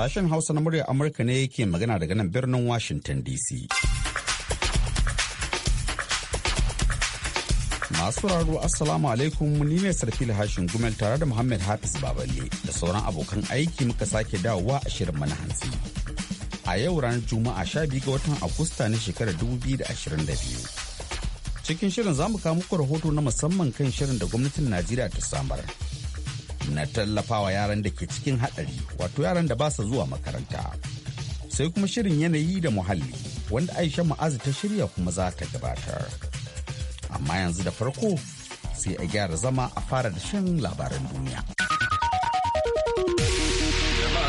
Sashen Hausa na muryar Amurka ne yake magana daga nan birnin Washington DC. Masu raro Assalamu alaikum ni ne Sarfili Hashin Gumel tare da Muhammad Hafiz Baballe da sauran abokan aiki muka sake dawowa a shirin mana hantsi. A yau ranar Juma'a sha biyu ga watan Agusta na shekarar 2022. cikin shirin za mu kawo muku rahoto na musamman kan shirin da gwamnatin najeriya ta samar na tallafawa yaran da ke cikin haɗari wato yaran da ba su zuwa makaranta sai kuma shirin yanayi da muhalli wanda aisha ma'azi ta shirya kuma za ta gabatar amma yanzu da farko sai a gyara zama a fara da shan labaran duniya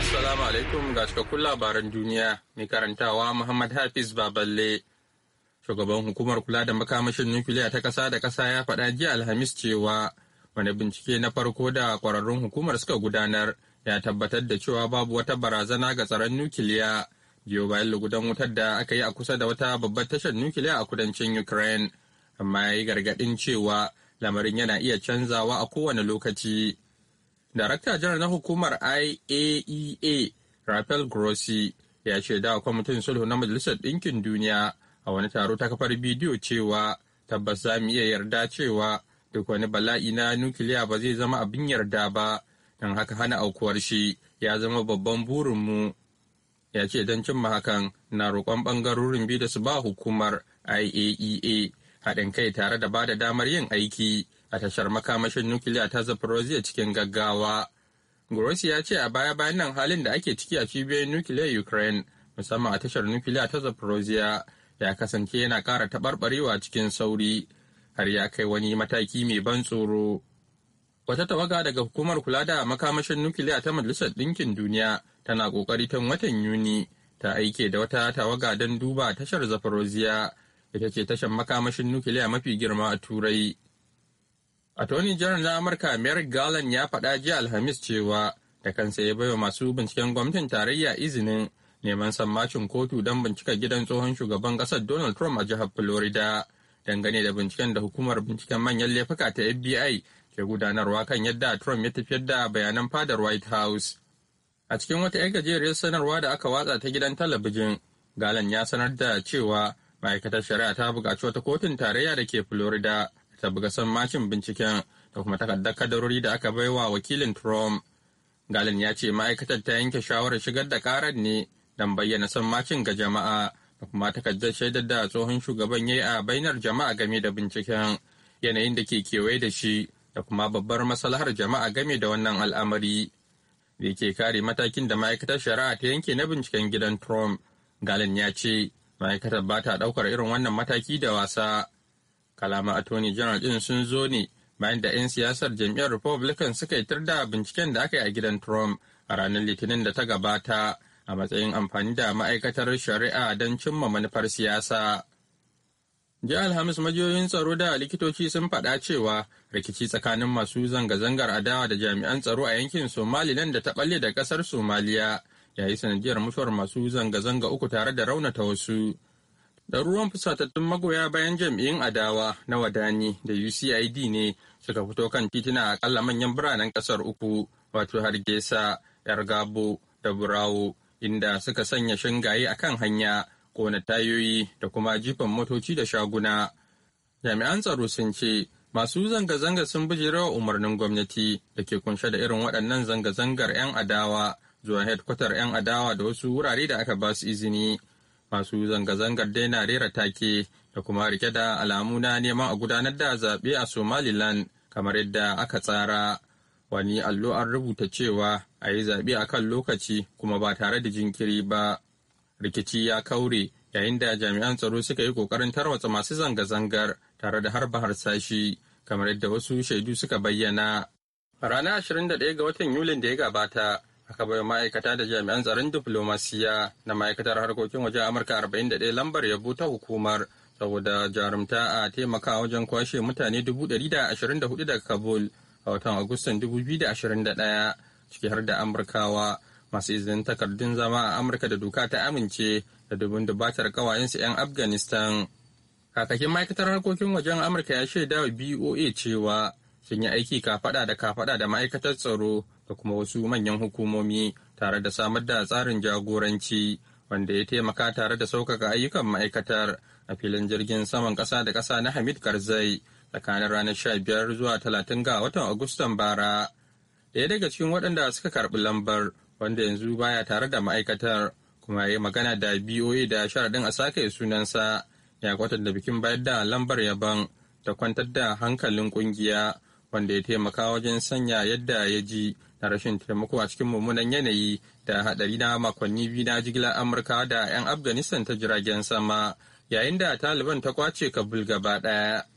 assalamu alaikum ga cikakkun labaran duniya mai karantawa muhammad hafiz baballe shugaban hukumar kula da makamashin nukiliya ta ƙasa da ƙasa ya faɗa jiya alhamis cewa wani bincike na farko da kwararrun hukumar suka gudanar ya tabbatar da cewa babu wata barazana ga tsaron nukiliya biyo bayan lugudan wutar da aka yi a kusa da wata babbar tashar nukiliya a kudancin ukraine amma ya yi gargaɗin cewa lamarin yana iya canzawa a kowane lokaci darakta janar na hukumar iaea e rafael grossi ya shaida wa kwamitin sulhu na majalisar ɗinkin duniya a wani taro ta kafar bidiyo cewa tabbas za mu iya yarda cewa duk wani bala'i na nukiliya ba zai zama abin yarda ba don haka hana aukuwar shi ya zama babban burinmu ya ce don cimma hakan na roƙon ɓangarorin biyu da su ba hukumar iaea e haɗin kai tare da ba da damar yin aiki a tashar makamashin nukiliya ta zaporozhye cikin gaggawa grossi ya ce a baya bayan nan halin da ake ciki a cibiyoyin nukiliyar ukraine musamman a tashar nukiliya ta zaporozhye ya kasance yana ƙara taɓarɓarewa cikin sauri har ya kai wani mataki mai ban tsoro. Wata tawaga daga hukumar kula da makamashin nukiliya ta Majalisar Ɗinkin Duniya tana ƙoƙari tun watan Yuni ta aike da wata tawaga don duba tashar zafaroziya ita ce tashar makamashin nukiliya mafi girma a Turai. Attorney General na Amurka Merrick Garland ya faɗa jiya Alhamis cewa da kansa ya baiwa masu binciken gwamnatin tarayya izinin neman sammacin kotu don bincika gidan tsohon shugaban ƙasar Donald Trump a jihar Florida. dangane da binciken da hukumar binciken manyan laifuka ta FBI ke gudanarwa kan yadda Trump ya tafiyar da bayanan fadar White House. A cikin wata 'yan gajeriyar sanarwa da aka watsa ta gidan talabijin, Galan ya sanar da cewa ma'aikatar shari'a ta bukaci wata kotun tarayya da ke Florida ta buga macin binciken da kuma takardar kadarori da aka bai wa wakilin Trump. Galan ya ce ma'aikatar ta yanke shawarar shigar da karar ne don bayyana macin ga jama'a. da kuma takardar shaidar da tsohon shugaban ya yi a bainar jama'a game da binciken yanayin da ke kewaye da shi da kuma babbar masalahar jama'a game da wannan al'amari da ke kare matakin da ma'aikatar shari'a ta yanke na binciken gidan trump galen ya ce ma'aikatar ba ta ɗaukar irin wannan mataki da wasa kalama attorney general din sun zo ne bayan da 'yan siyasar jam'iyyar republican suka yi tirda binciken da aka yi a gidan trump a ranar litinin da ta gabata a matsayin amfani da ma'aikatar shari'a don cimma manufar siyasa. Jiya Alhamis majiyoyin tsaro da likitoci sun faɗa cewa rikici tsakanin masu zanga-zangar adawa da jami'an tsaro a yankin Somaliland da ta ɓalle da ƙasar Somaliya ya yi sanadiyar mutuwar masu zanga-zanga uku tare da raunata wasu. Ɗaruruwan fusatattun magoya bayan jam'iyyun adawa na Wadani da UCID ne suka fito kan titina a manyan biranen ƙasar uku wato Hargesa, Yargabo da Burawo inda suka sanya shingaye a kan hanya kona tayoyi da kuma jifan motoci da shaguna jami'an tsaro sun ce masu zanga-zanga sun bijirewa umarnin gwamnati da ke kunshe da irin waɗannan zanga-zangar 'yan adawa zuwa hedkwatar 'yan adawa da wasu wurare da aka ba su izini masu zanga-zangar daina rera take da kuma rike da alamu na neman a gudanar da zaɓe a somaliland kamar yadda aka tsara wani allo an rubuta cewa a yi zaɓe a kan lokaci kuma ba tare da jinkiri ba rikici ya kaure yayin da jami'an tsaro suka yi ƙoƙarin tarwatsa masu zanga-zangar tare da harba harsashi kamar yadda wasu shaidu suka bayyana ranar 21 ga watan yulin da ya gabata aka bayar ma'aikata da jami'an tsaron diflomasiya na ma'aikatar harkokin wajen amurka 41 lambar yabo ta hukumar saboda jarumta a taimaka wajen kwashe mutane 124 daga kabul a watan Agustan 2021 ciki har da Amurkawa masu izinin takardun zama a Amurka da doka ta amince da dubin batar kawayensu 'yan Afghanistan. Kakakin ma'aikatar harkokin wajen Amurka ya shaida wa BOA cewa sun yi aiki kafada da kafada da ma'aikatar tsaro da kuma wasu manyan hukumomi tare da samar da tsarin jagoranci wanda ya taimaka tare da saukaka ayyukan ma'aikatar a filin jirgin saman ƙasa da ƙasa na Hamid Karzai tsakanin ranar 15 zuwa talatin ga watan Agustan bara. Daya daga cikin waɗanda suka karɓi lambar wanda yanzu baya tare da ma'aikatar kuma ya magana da BOA da sharaɗin a sake sunansa ya kwatar da bikin bayar da lambar yaban da kwantar da hankalin ƙungiya wanda ya taimaka wajen sanya yadda ya ji na rashin taimako a cikin mummunan yanayi da haɗari na makonni biyu na jigilar Amurka da 'yan Afghanistan ta jiragen sama yayin da Taliban ta kwace Kabul gaba ɗaya.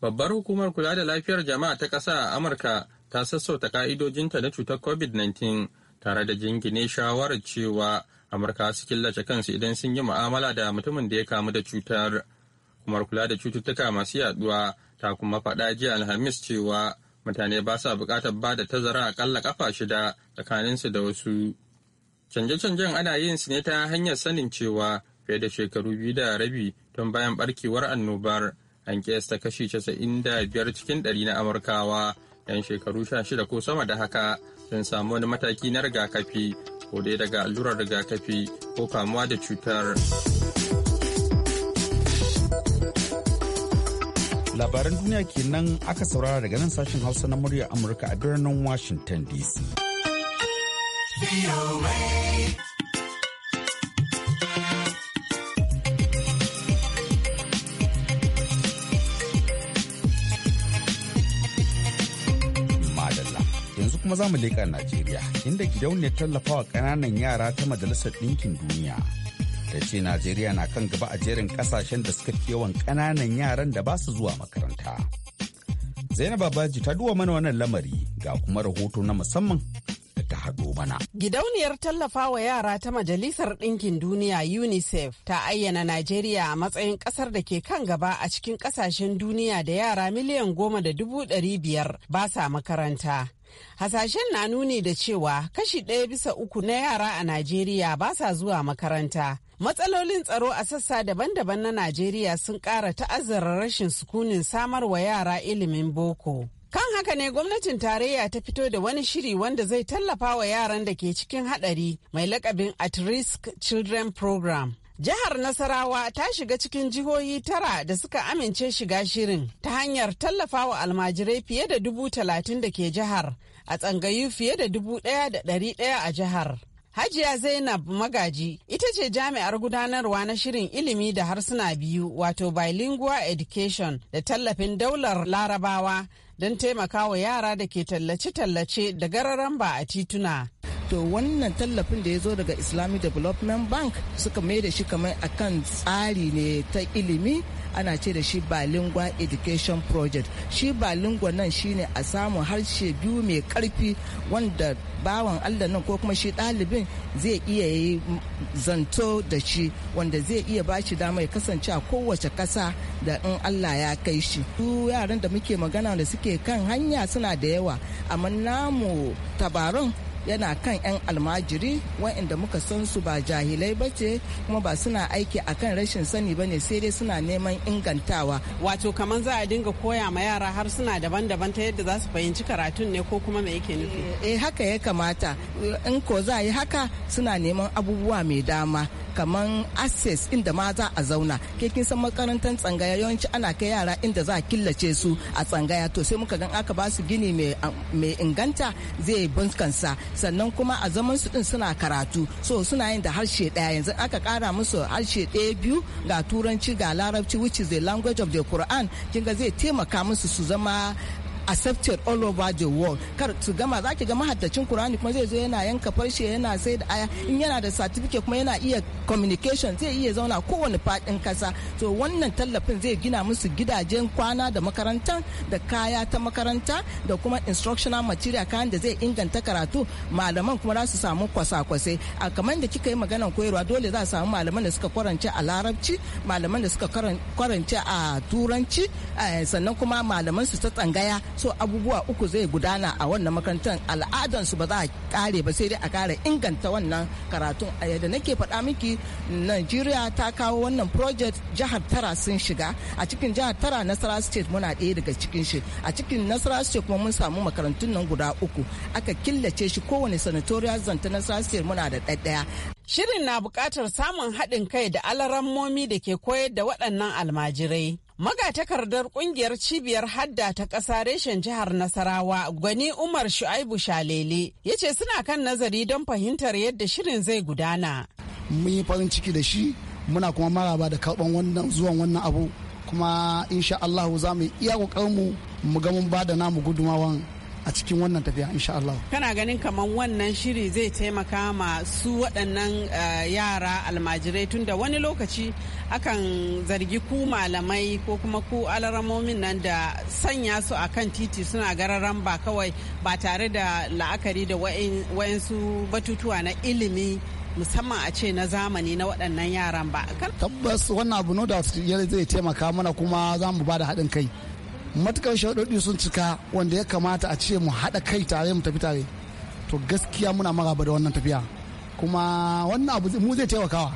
Babbar hukumar kula da lafiyar jama'a ta ƙasa a Amurka ta sassauta ka'idojinta na cutar COVID-19 tare da jingine shawarar cewa Amurka su killace kansu idan sun yi mu'amala da mutumin da ya kamu da cutar. Hukumar kula da cututtuka masu yaduwa ta kuma faɗa jiya Alhamis cewa mutane ba sa buƙatar ba da tazara aƙalla ƙafa shida tsakaninsu da wasu. Canje-canjen ana yin su ne ta hanyar sanin cewa fiye da shekaru biyu da rabi tun bayan barkewar annobar. an kiyasta kashi biyar cikin 100 na amurkawa 'yan shekaru shida ko sama da haka sun samu wani mataki na rigakafi ko dai daga allurar rigakafi ko kamuwa da cutar. labaran duniya kenan aka saurara daga nan sashen hausa na murya amurka a birnin washington dc. kuma za mu leƙa Najeriya inda gidauniyar tallafawa ƙananan yara ta Majalisar Ɗinkin Duniya. Ta ce Najeriya na kan gaba a jerin ƙasashen da suka fi yawan ƙananan yaran da ba su zuwa makaranta. Zainab Babaji ta duba mana wannan lamari ga kuma rahoto na musamman da ta haɗo mana. Gidauniyar tallafawa yara ta Majalisar Ɗinkin Duniya UNICEF ta ayyana Najeriya a matsayin ƙasar da ke kan gaba a cikin ƙasashen duniya da yara miliyan goma da dubu ɗari biyar ba sa makaranta. Hasashen na nuni da cewa kashi ɗaya bisa uku na yara a Najeriya ba sa zuwa makaranta. Matsalolin tsaro a sassa daban-daban na Najeriya sun ƙara ta'azzara rashin sukunin samar wa yara ilimin boko. Kan haka ne gwamnatin tarayya ta fito da wani shiri wanda zai tallafa wa yaran da ke cikin haɗari mai lakabin At Risk Children Program. Jihar Nasarawa ta shiga cikin jihohi tara da suka amince shiga shirin ta hanyar tallafa wa almajirai fiye da dubu talatin da ke jihar a tsangayu fiye da dubu ɗaya da ɗari ɗaya a jihar. Hajiya Zainab Magaji ita ce jami'ar gudanarwa na shirin ilimi da harsuna biyu wato bilingual education da tallafin daular larabawa don taimakawa yara da ke tallace-tallace da gararan ba a tituna. to wannan tallafin da ya zo daga islamic development bank suka mai da shi kamar akan tsari ne ta ilimi ana ce da shi bilingual education project shi bilingual nan shine a samun harshe biyu mai karfi wanda bawan allah nan ko kuma shi ɗalibin zai iya yi zanto da shi wanda zai iya ba shi dama ya kasance a kowace ƙasa da in allah ya kai shi su yaran da muke magana da suke kan hanya suna da yawa amma namu tabaron yana kan 'yan almajiri wa'inda muka san su ba jahilai ba ce kuma ba suna aiki akan rashin sani ba ne sai dai suna neman ingantawa wato kamar za a dinga koya ma yara har suna daban-daban ta yadda za su fahimci karatun ne ko kuma me yake nufi eh, eh haka ya kamata in ko za a yi haka suna neman abubuwa mai dama kamar access inda ma za a zauna ke kin san makarantar tsangaya yawanci ana kai yara inda za a killace su a tsangaya to sai muka gan aka ba su gini mai inganta zai bunkansa sannan kuma a zaman su din suna karatu so suna yin da harshe ɗaya yanzu aka kara musu harshe ɗaya biyu ga turanci ga larabci which is the language of the Quran kinga zai taimaka musu su zama accepted all over the world kar su gama za ki ga mahaddacin qur'ani kuma zai zo yana yanka farshe yana sai da aya in yana da certificate kuma yana iya communication zai iya zauna kowane fadin kasa to wannan tallafin zai gina musu gidajen kwana da makaranta da kaya ta makaranta da kuma instructional material kayan da zai inganta karatu malaman kuma za su samu kwasa-kwasai a kamar da kika yi maganan koyarwa dole za su samu malaman da suka kwarance a larabci malaman da suka kwarance a turanci eh, sannan kuma malaman su ta tsangaya so abubuwa uku zai gudana a wannan makarantar su ba za a kare ba sai dai a kara inganta wannan karatun a yadda nake faɗa miki najeriya ta kawo wannan project jihar tara sun shiga a cikin jihar tara nasara state muna ɗaya daga cikin shi a cikin nasara state kuma mun samu makarantun nan guda uku aka killace shi kowane sanatorial zanta nasara state muna da ɗaya. Shirin na buƙatar samun haɗin kai da alarammomi da ke koyar da waɗannan almajirai. Magatakardar kungiyar cibiyar hadda ta ƙasa reshen jihar Nasarawa gwani Umar Shu'aibu Shalele ya ce suna kan nazari don fahimtar yadda shirin zai gudana. Mun yi farin ciki da shi muna kuma maraba da karɓan wannan zuwan wannan abu kuma insha Allah za mu iya ƙoƙarmu mu ga mun ba da namu gudumawan a cikin wannan tafiya insha Allah. Kana ganin kamar wannan shiri zai taimaka ma su waɗannan eh, yara almajirai tunda wani lokaci akan zargi ku malamai ko kuma ku alaramomin nan da sanya su a kan titi suna gararan ba kawai ba tare da la'akari da wayansu batutuwa na ilimi musamman a ce na zamani na waɗannan yaran ba. Tabbas wannan abu no da zai taimaka mana kuma za mu ba da haɗin kai. Matukar sharuɗi sun cika wanda ya kamata a ce mu haɗa kai tare mu tafi tare to gaskiya muna maraba da wannan tafiya kuma wannan abu mu zai taimakawa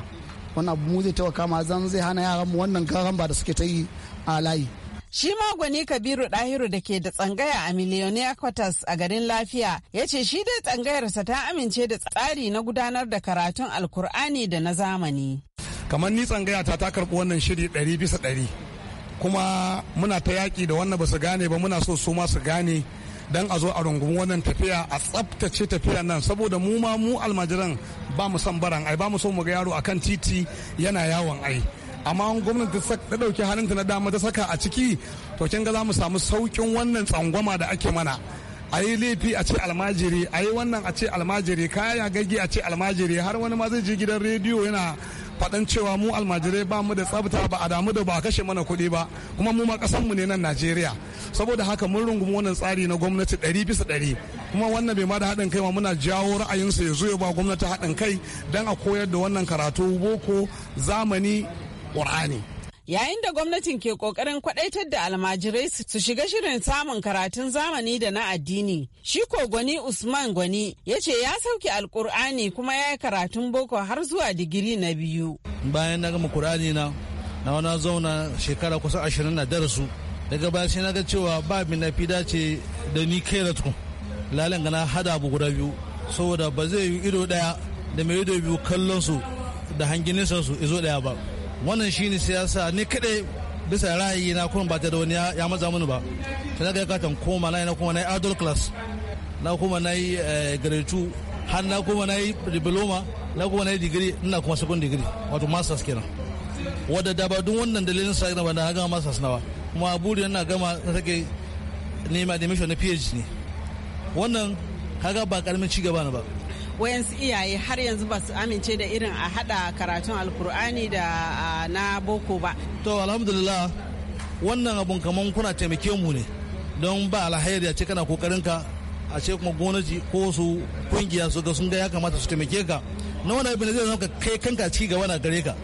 wannan abu mu zai taimaka ma zan zai hana yaran mu wannan garan ba da suke ta yi a layi Shi magwani Kabiru Dahiru da ke da tsangaya a Millionaire Quarters a garin Lafiya ya ce shi dai tsangayarsa ta amince da tsari na gudanar da karatun Alkur'ani da na zamani. Kamar ni tsangaya ta ta karɓi wannan shiri ɗari bisa ɗari. kuma muna ta yaƙi da wannan ba su gane ba muna so su ma su gane dan a zo a rungumi wannan tafiya a tsaftace tafiya nan saboda mu ma mu almajiran ba mu san baran ai ba mu so mu ga yaro akan titi yana yawon ai amma gwamnati ta ɗauki halinta na dama ta saka a ciki to kin ga za mu samu saukin wannan tsangwama da ake mana a yi laifi a ce almajiri a yi wannan a ce almajiri kaya gaggi a ce almajiri har wani ma zai je gidan rediyo yana faɗan cewa mu almajirai ba mu da tsabta ba a damu da ba kashe mana kuɗi ba kuma mu ma ƙasar mu ne nan Najeriya saboda haka mun rungumi wannan tsari na gwamnati ɗari bisa ɗari kuma wannan bai ma da haɗin kai ma muna jawo ra'ayinsa ya zo ya ba gwamnati haɗin kai don a koyar da wannan karatu boko zamani ƙur'ani Yayin da gwamnatin ke kokarin kwadaitar da almajirai su shiga shirin samun karatun zamani da na addini, shi ko gwani Usman gwani ya ce ya sauke alkur'ani kuma ya yi karatun boko har zuwa digiri na biyu. Bayan na gama kur'ani na, na wana zauna shekara kusan ashirin na darasu. Daga baya sai na ga cewa ba mi na fi dace da ni kai da gana hada abu guda biyu, saboda ba zai yi ido daya da mai ido biyu kallon su da hanginin su izo daya ba. wannan shi ne siyasa ni kadai bisa ra'ayi na kuma ba ta da wani ya maza mini ba sai ga katan koma na na kuma na adult class na kuma na yi eh, grade har na kuma na yi diploma na kuma na yi digiri ina kuma second digiri wato masters kenan wadda dabadun ba wannan dalilin sa ba da gama masters nawa kuma burin na gama na take nema admission na phd ne wannan kaga ba karamin cigaba ne ba wayansu iyaye har yanzu ba su amince da irin a hada karatun alkur'ani da na boko ba to alhamdulillah wannan abun kaman kuna taimake mu ne don ba alhairi a ce kana kokarin ka a ce kuma gwamnati ko su kungiya su ga sun ga ya kamata su taimake ka na wani abin da zai zama kai kanka ci gaba na gare ka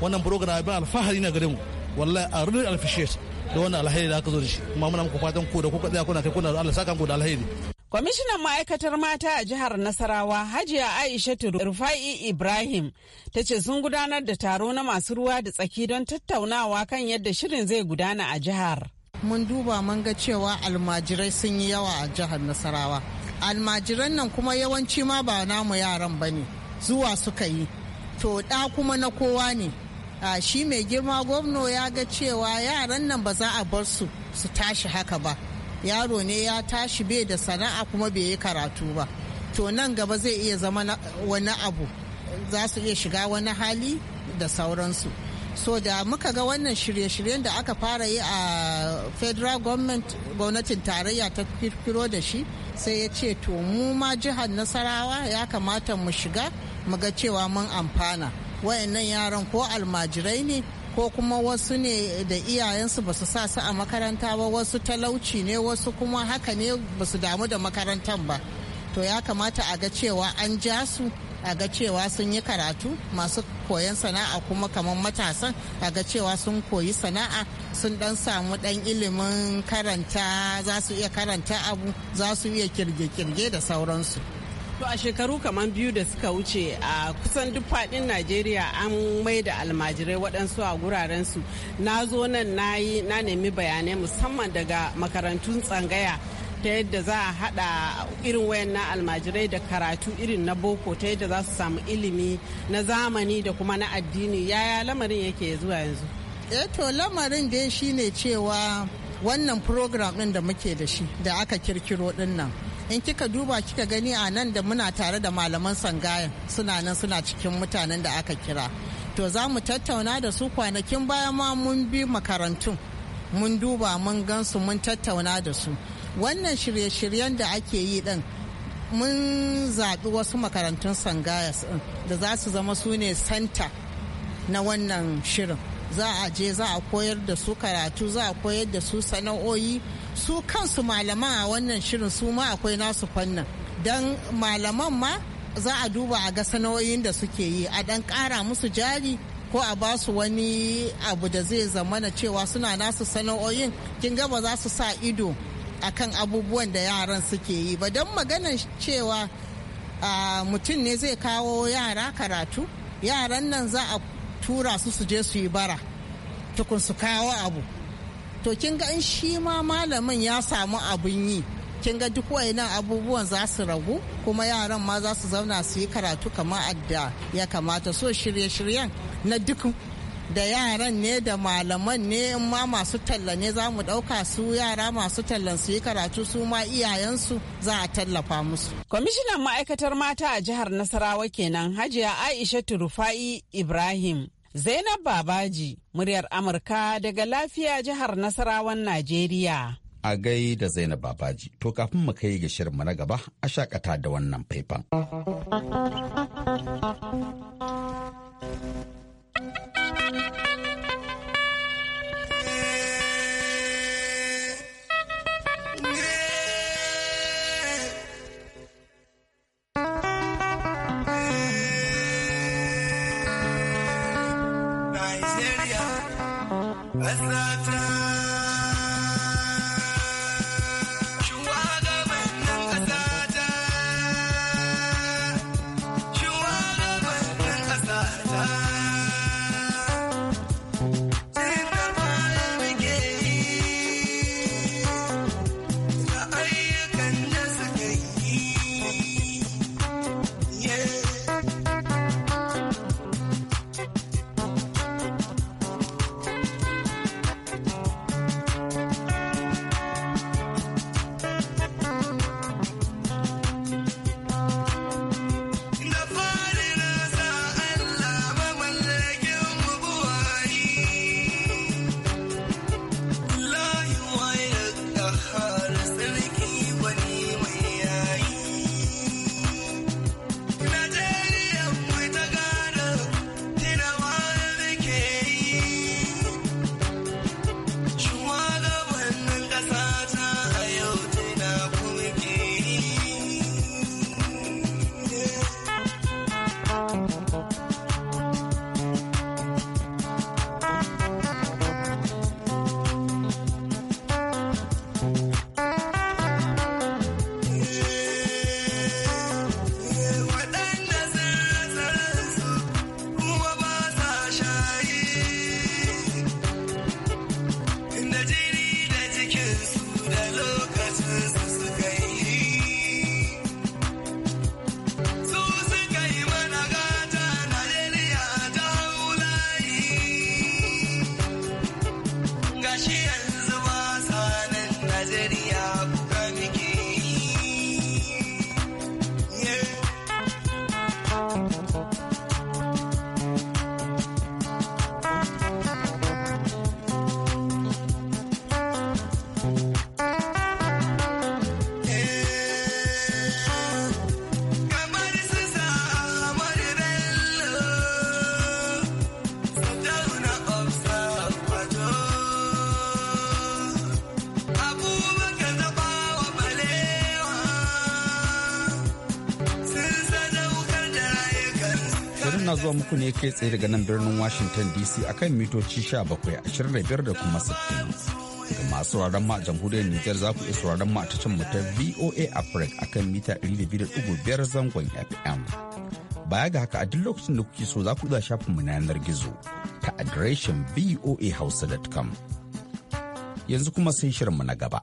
wannan program abin alfahari na gare mu wallahi a rudin alfishet da wannan alhairi da aka zo da shi kuma muna muku fatan ku da kuka tsaya kuna kai kuna Allah saka ku da alhairi Kwamishinan ma'aikatar mata a jihar Nasarawa Hajiya Aisha Rufai Ibrahim ta ce sun gudanar da taro na masu ruwa da tsaki don tattaunawa kan yadda shirin zai gudana a jihar. Mun duba mun ga cewa almajirai sun yi yawa a jihar Nasarawa. Almajiran nan kuma yawanci ma ba namu yaran ba ne zuwa suka yi. To ɗa kuma na kowa ne. a shi mai girma gwamno ya ga cewa yaran nan ba za a bar su su tashi haka ba yaro ne ya tashi bai da sana'a kuma bai yi karatu ba to nan gaba zai iya zama wani abu za su iya shiga wani hali da sauransu so da muka ga wannan shirye-shiryen da aka fara yi a federal government gwamnatin tarayya ta kirkiro da shi sai ya ce to mu ma jihar nasarawa ya kamata mu shiga mu ga cewa mun amfana wayannan yaran ko almajirai ne ko kuma wasu ne da iyayensu ba su sa su a makaranta ba wasu talauci ne wasu kuma haka ne ba su damu da makarantar ba to ya kamata a ga cewa an ja su a ga cewa sun yi karatu masu koyon sana'a kuma kamar matasan a ga cewa sun koyi sana'a sun dan samu dan ilimin karanta za su iya karanta abu za su iya kirge-kirge da sauransu To a shekaru kamar biyu da suka wuce a kusan duk faɗin Najeriya an mai da almajirai waɗansu a gurarensu. Na zo nan na yi na nemi bayanai musamman daga makarantun tsangaya ta yadda za a haɗa irin na almajirai da karatu irin na boko ta yadda za su samu ilimi na zamani da kuma na addini yaya lamarin yake zuwa yanzu. e to lamarin dai shine cewa wannan program ɗin da muke da shi da aka kirkiro ɗin in kika duba kika gani a nan da muna tare da malaman sangayen suna nan suna cikin mutanen da aka kira to za mu tattauna da su kwanakin baya ma mun bi makarantun mun duba mun gansu mun tattauna da su wannan shirye-shiryen da ake yi din mun zaɓi wasu makarantun sangaya da za su zama su ne santa na wannan shirin za a je za a koyar da su karatu za a koyar da su sana'o'i su kansu malaman a wannan shirin su ma akwai nasu fannin don malaman ma za a duba a ga sana'o'in da suke yi a dan kara musu jari ko a ba su wani abu da zai zamana cewa suna nasu sana'o'in kin ga za su sa ido akan abubuwan da yaran suke yi ba don maganar cewa mutum ne zai kawo yara karatu yaran nan za a tura su su je su yi bara tukun su kawo abu to kin ga in shi ma malamin ya samu abin yi kin ga duk wayannan abubuwan za su ragu kuma yaran ma za su zauna su yi karatu kamar adda ya kamata so shirye-shiryen na duk da yaran ne da malaman ne in ma masu talla ne za mu ɗauka su yara masu tallan su yi karatu su ma iyayensu za a tallafa musu. Kwamishinan ma'aikatar mata a jihar Nasarawa kenan Hajiya Aisha Turufa'i Ibrahim. Zainab Babaji, muryar Amurka daga lafiya jihar Nasarawan Najeriya. A gai da Zainab Babaji, to kafin mu kai ga shirinmu na gaba a shakata da wannan faifan. Shirin na zuwa muku ne kai tsaye daga nan birnin Washington DC akan mitoci 1725 da kuma 60. Ga masu sauraron ma a jamhuriyar Nijar za ku iya sauraron ma a tashar mu ta VOA Africa akan mita 200.5 zangon FM. Baya ga haka a duk lokacin da kuke so za ku zuwa shafin mu na yanar gizo ta adireshin voahausa.com. Yanzu kuma sai shirin mu na gaba.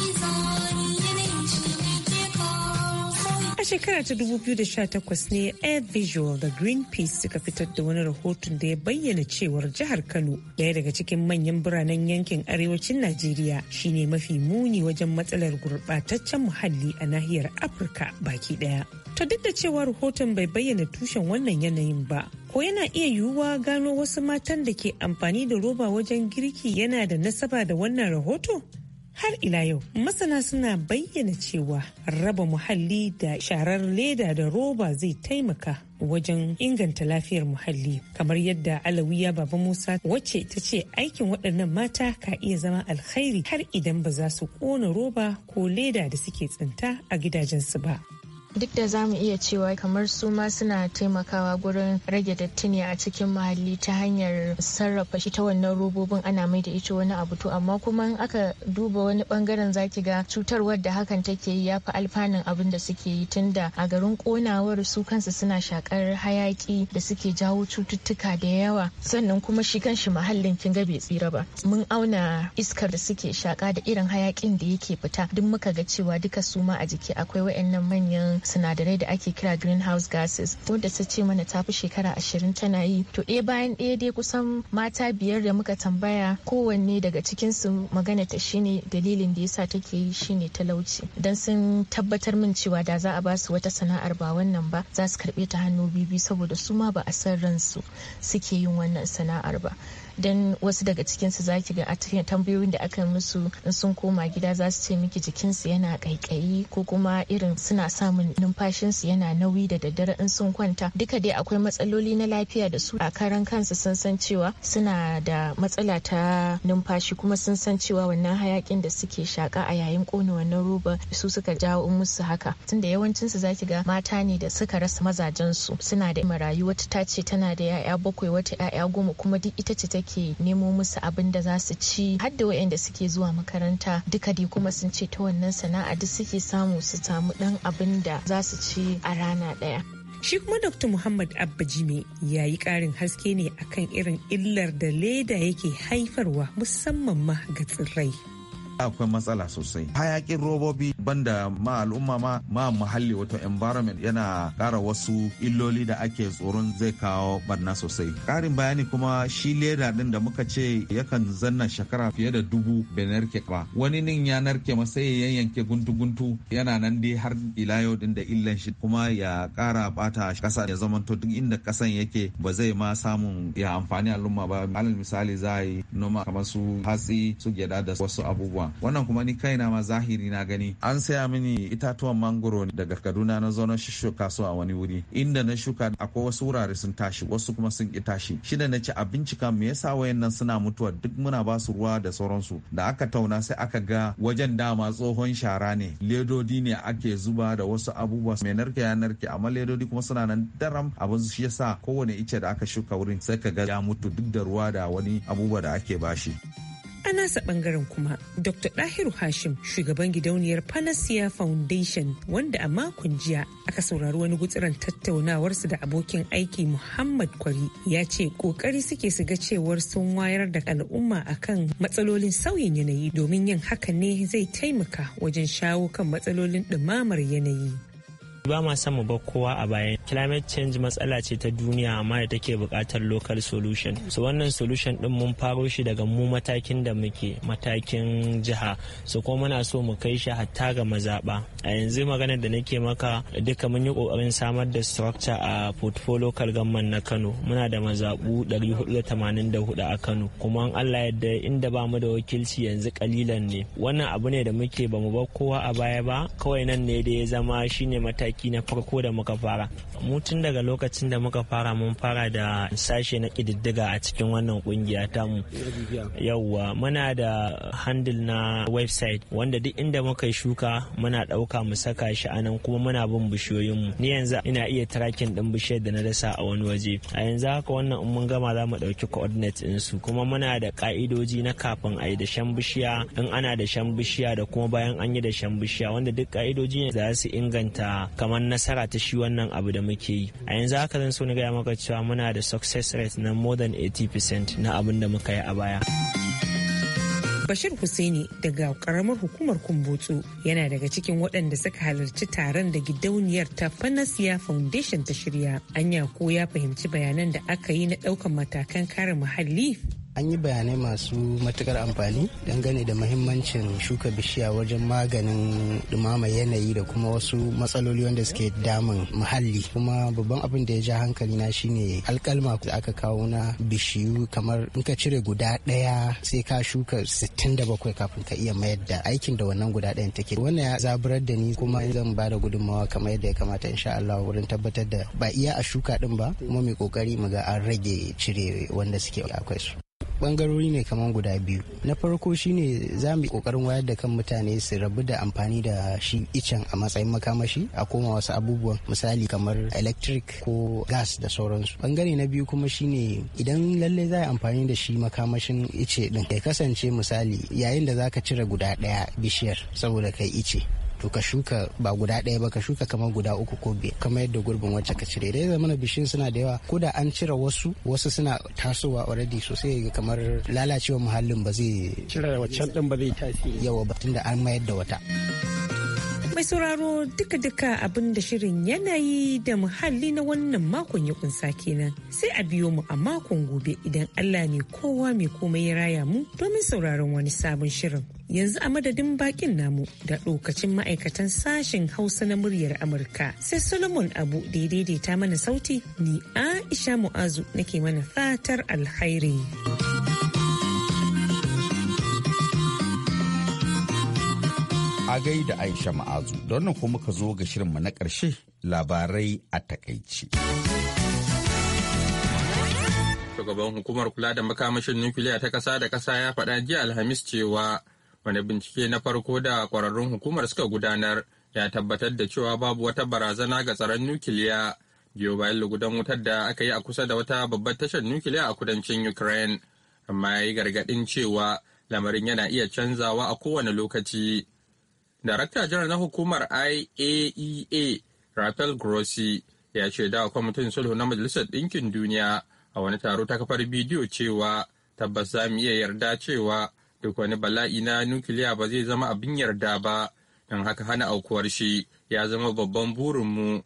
A shekara ta 2018 ne Air Visual da Greenpeace suka fitar da wani rahoton da ya bayyana cewar jihar Kano daya daga cikin manyan biranen yankin arewacin Najeriya shine mafi muni wajen matsalar gurbataccen muhalli a nahiyar Afirka baki daya. ta duk da cewa rahoton bai bayyana tushen wannan yanayin ba, ko yana iya yiwuwa gano wasu matan da ke amfani da roba wajen girki yana da nasaba da wannan rahoto? har ila yau masana suna bayyana cewa raba muhalli da sharar leda da roba zai taimaka wajen inganta lafiyar muhalli kamar yadda alawiya baba musa wacce ta ce aikin waɗannan mata ka iya zama alkhairi har idan ba za su ƙona roba ko leda da suke tsinta a gidajensu ba duk da zamu iya cewa kamar su ma suna taimakawa gurin rage datti ne a cikin muhalli ta hanyar sarrafa shi ta wannan robobin ana mai da ita wani abu to amma kuma in aka duba wani bangaren zaki ga cutar wadda hakan take yi yafi alfanun abin da suke yi tunda a garin konawar su kansu suna shakar hayaki da suke jawo cututtuka da yawa sannan kuma shi kanshi muhallin kin ga bai tsira ba mun auna iskar da suke shaka da irin hayakin da yake fita duk muka ga cewa duka su ma a jiki akwai wayannan manyan sinadarai da ake kira greenhouse gases da ta ce mana ta fi shekara ashirin tana yi to ɗaya bayan ɗaya dai kusan mata biyar da muka tambaya kowanne daga cikinsu magana ta shine dalilin da yasa take yi shine talauci dan sun tabbatar min cewa da za a ba su wata sana'ar ba wannan ba za su karɓe ta hannu bibi saboda su ma ba a san ransu suke yin wannan sana'ar ba Dan wasu daga cikinsu za ki ga a cikin tambayoyin da aka musu in sun koma gida za su ce miki jikinsu yana kaikayi ko kuma irin suna samun numfashinsu yana nauyi da daddare in sun kwanta duka dai akwai matsaloli na lafiya da su a karan kansu sun san cewa suna da matsala ta numfashi kuma sun san cewa wannan hayakin da suke shaka a yayin kona wannan roba su suka jawo musu haka tunda yawancinsu za ki ga mata ne da suka rasa mazajensu suna da marayu wata ta ce tana da 'ya'ya bakwai wata 'ya'ya goma kuma duk ita ce ta yake nemo musu abin da za su ci har da waɗanda suke zuwa makaranta duka dai kuma sun ce ta wannan sana'a duk suke samu su samu ɗan abin da za su ci a rana ɗaya. Shi kuma Dr. Muhammad Abba Jime ya yi ƙarin haske ne akan irin illar da leda yake haifarwa musamman ma ga tsirrai. akwai matsala sosai hayakin robobi banda ma al'umma ma ma muhalli wato environment yana kara wasu illoli da ake tsoron zai kawo barna sosai karin bayani kuma shi leda din da muka ce yakan zanna shekara fiye da dubu bai narke ba wani nin ya narke sai ya yanke guntu-guntu yana nan dai har ila yau din da illan shi kuma ya kara bata kasa ya to duk inda kasan yake ba zai ma samun ya amfani al'umma ba alal misali za a yi noma kamar su hatsi su gyada da wasu abubuwa wannan kuma ni kaina ma zahiri na gani an saya mini itatuwan mangoro ne daga kaduna na zo na shuka su a wani wuri inda na shuka akwai wasu wurare sun tashi wasu kuma sun ki tashi shi da na ci a bincika me yasa wayannan suna mutuwa duk muna ba su ruwa da sauransu da aka tauna sai aka ga wajen dama tsohon shara ne ledodi ne ake zuba da wasu abubuwa mai narke ya narke amma ledodi kuma suna nan daram abin shi yasa kowane ice da aka shuka wurin sai ka ga ya mutu duk da ruwa da wani abubuwa da ake bashi. a nasa bangaren kuma dr dahiru hashim shugaban gidauniyar panacea foundation wanda a makon jiya aka saurari wani gutsiran tattaunawarsu da abokin aiki muhammad kwari ya ce kokari suke su ga cewar sun wayar da al'umma akan matsalolin sauyin yanayi domin yin haka ne zai taimaka wajen shawo kan matsalolin ɗumamar yanayi ba ma son mu bar kowa a baya climate change matsala ce ta duniya amma da take buƙatar local solution so wannan solution din mun faro shi daga mu matakin da muke matakin jiha so kuma muna so mu kai shi hatta ga mazaɓa a yanzu maganar da nake maka duka mun yi ƙoƙarin samar da structure a portfolio local government na kano muna da mazaɓu 484 a kano kuma an allah yadda inda ba mu da wakilci yanzu kalilan ne wannan abu ne da muke ba mu bar kowa a baya ba kawai nan ne da ya zama shine mataki mataki na farko da muka fara mu tun daga lokacin da muka fara mun fara da sashe na kididdiga a cikin wannan ƙungiya mu yauwa muna da handle na website wanda duk inda muka yi shuka muna ɗauka mu saka shi a nan kuma muna bin bishiyoyin mu ni yanzu ina iya trakin din bishiyar da na dasa a wani waje a yanzu haka wannan in mun gama za mu ɗauki din su kuma muna da ƙa'idoji na kafin a yi da shan bishiya in ana da shan bishiya da kuma bayan an yi da shan bishiya wanda duk ka'idoji ne za su inganta kamar nasara ta shi wannan abu da muke yi a yanzu haka zan so ni gaya maka cewa muna da success rate na more than 80% na abin da muka yi a baya Bashir Hussaini daga karamar hukumar Kumbutsu yana daga cikin waɗanda suka halarci taron da gidauniyar ta Panacea Foundation ta shirya. Anya ko ya fahimci bayanan da aka yi na ɗaukan matakan kare muhalli an yi bayanai masu matukar amfani dangane da mahimmancin shuka bishiya wajen maganin dumama yanayi da kuma wasu matsaloli wanda suke damun muhalli kuma babban abin da ya ja hankali na shine alkalma da aka kawo na bishiyu kamar in ka cire guda daya. sai ka shuka 67 kafin ka iya mayar da aikin da wannan guda ɗayan take wannan ya zaburar da ni kuma zan ba da gudunmawa kamar yadda ya kamata insha Allah wurin tabbatar da ba iya a shuka din ba kuma mai kokari mu ga an rage cire wanda suke akwai su bangarori ne kamar guda biyu na farko shine za mu kokarin wayar da kan mutane su rabu da amfani da shi icen a matsayin makamashi a koma wasu abubuwan misali kamar electric ko gas da sauransu bangare na biyu kuma shine idan lallai za a amfani da shi makamashin ice din ya kasance misali yayin da zaka cire guda daya bishiyar saboda kai ice to ka shuka ba guda ɗaya ba ka shuka kamar guda uku ko biyar kamar yadda gurbin wacce ka cire dai zamana bishiyun suna da yawa ko da an cire wasu wasu suna tasowa already sosai kamar lalacewa muhallin ba zai cire waccan din ba zai tasiri yawa batun da an mayar da wata Mai sauraro duka-duka abin da shirin yanayi da muhalli na wannan makon ya kunsa kenan sai a biyo mu a makon gobe idan Allah ne kowa mai komai ya raya mu domin sauraron wani sabon shirin. yanzu a madadin bakin namu da lokacin ma'aikatan sashen hausa na muryar amurka sai solomon abu da daidaita mana sauti ni aisha mu'azu nake mana fatar alhairi agai da Aisha Ma'azu don nan kuma ka zo ga shirinmu na ƙarshe labarai a takaici. Shugaban hukumar kula da makamashin nukiliya ta ƙasa da ƙasa ya faɗa jiya Alhamis cewa wani bincike na farko da ƙwararrun hukumar suka gudanar ya tabbatar da cewa babu wata barazana ga tsaron nukiliya biyo bayan lugudan wutar da aka yi a kusa da wata babbar tashar nukiliya a kudancin Ukraine. Amma ya yi gargaɗin cewa lamarin yana iya canzawa a kowane lokaci. Darakta janar na hukumar IAEA e Rafael Grossi ya ce da kwamitin sulhu na Majalisar Ɗinkin Duniya a wani taro ta kafar bidiyo cewa tabbas za mu iya yarda cewa duk wani bala'i na nukiliya ba zai zama abin yarda ba don haka hana aukuwar shi ya zama babban burinmu.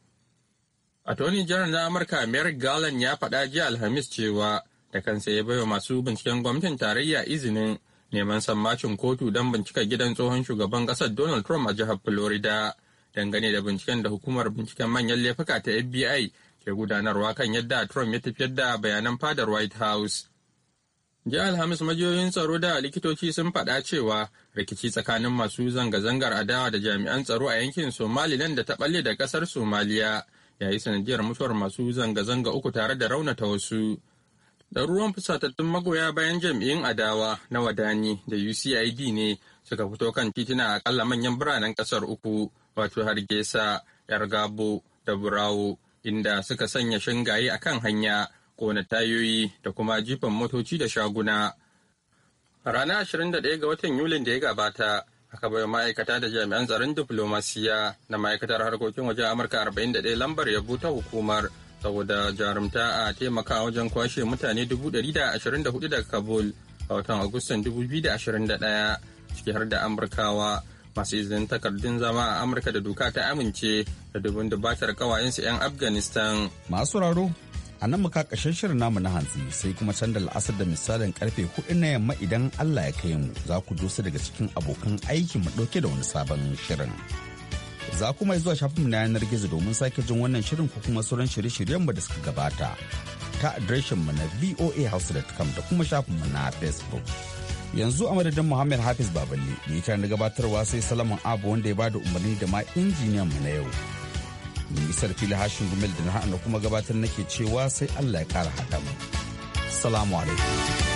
Attorney General na Amurka Merrick Garland ya faɗa jiya Alhamis cewa da kansa ya baiwa masu binciken gwamnatin tarayya izinin neman sammacin kotu don bincika gidan tsohon shugaban ƙasar Donald Trump a jihar Florida dangane da binciken da hukumar binciken manyan laifuka ta FBI ke gudanarwa kan yadda Trump ya tafiyar da bayanan fadar White House. Jiya Alhamis majiyoyin tsaro da likitoci sun faɗa cewa rikici tsakanin masu zanga-zangar adawa da jami'an tsaro a yankin Somaliland da ta ɓalle da ƙasar Somaliya ya yi sanadiyar mutuwar masu zanga-zanga uku tare da raunata wasu. Ɗaruruwan fusatattun magoya bayan jam'iyyun adawa na Wadani da UCID ne suka fito kan titina akalla manyan biranen ƙasar uku wato Hargesa, Yargabo da Burawo inda suka sanya shingaye a kan hanya kona tayoyi da kuma jifan motoci da shaguna. Ranar 21 ga watan Yulin da ya gabata, aka bai ma'aikata da jami'an tsaron diflomasiya na ma'aikatar harkokin wajen Amurka 41 lambar yabo ta hukumar saboda jarumta a taimaka wajen kwashe mutane 124 daga kabul a watan agustan 2021 ciki har da amurkawa masu izinin takardun zama a amurka da doka ta amince da dubin dubatar kawayensu 'yan afghanistan masu raro a nan muka kashin shirin namu na hantsi sai kuma can da la'asar da misalin karfe hudu na yamma idan allah ya kai mu za ku dosa daga cikin abokan aikin mu dauke da wani sabon shirin Za kuma zuwa shafinmu na yanar gizo domin sake jin wannan shirin ko kuma sauran shirye-shiryenmu da suka gabata. Ta adireshin mu na voahouse.com da kuma shafin mu na Facebook. Yanzu a madadin Muhammad Hafiz Baballe ne ta na gabatarwa sai Salaman Abu wanda ya bada umarni da ma injiniyan mu na yau. Nisar fili hashin gumel da na kuma gabatar nake cewa sai Allah ya kara haɗa mu. Salamu alaikum.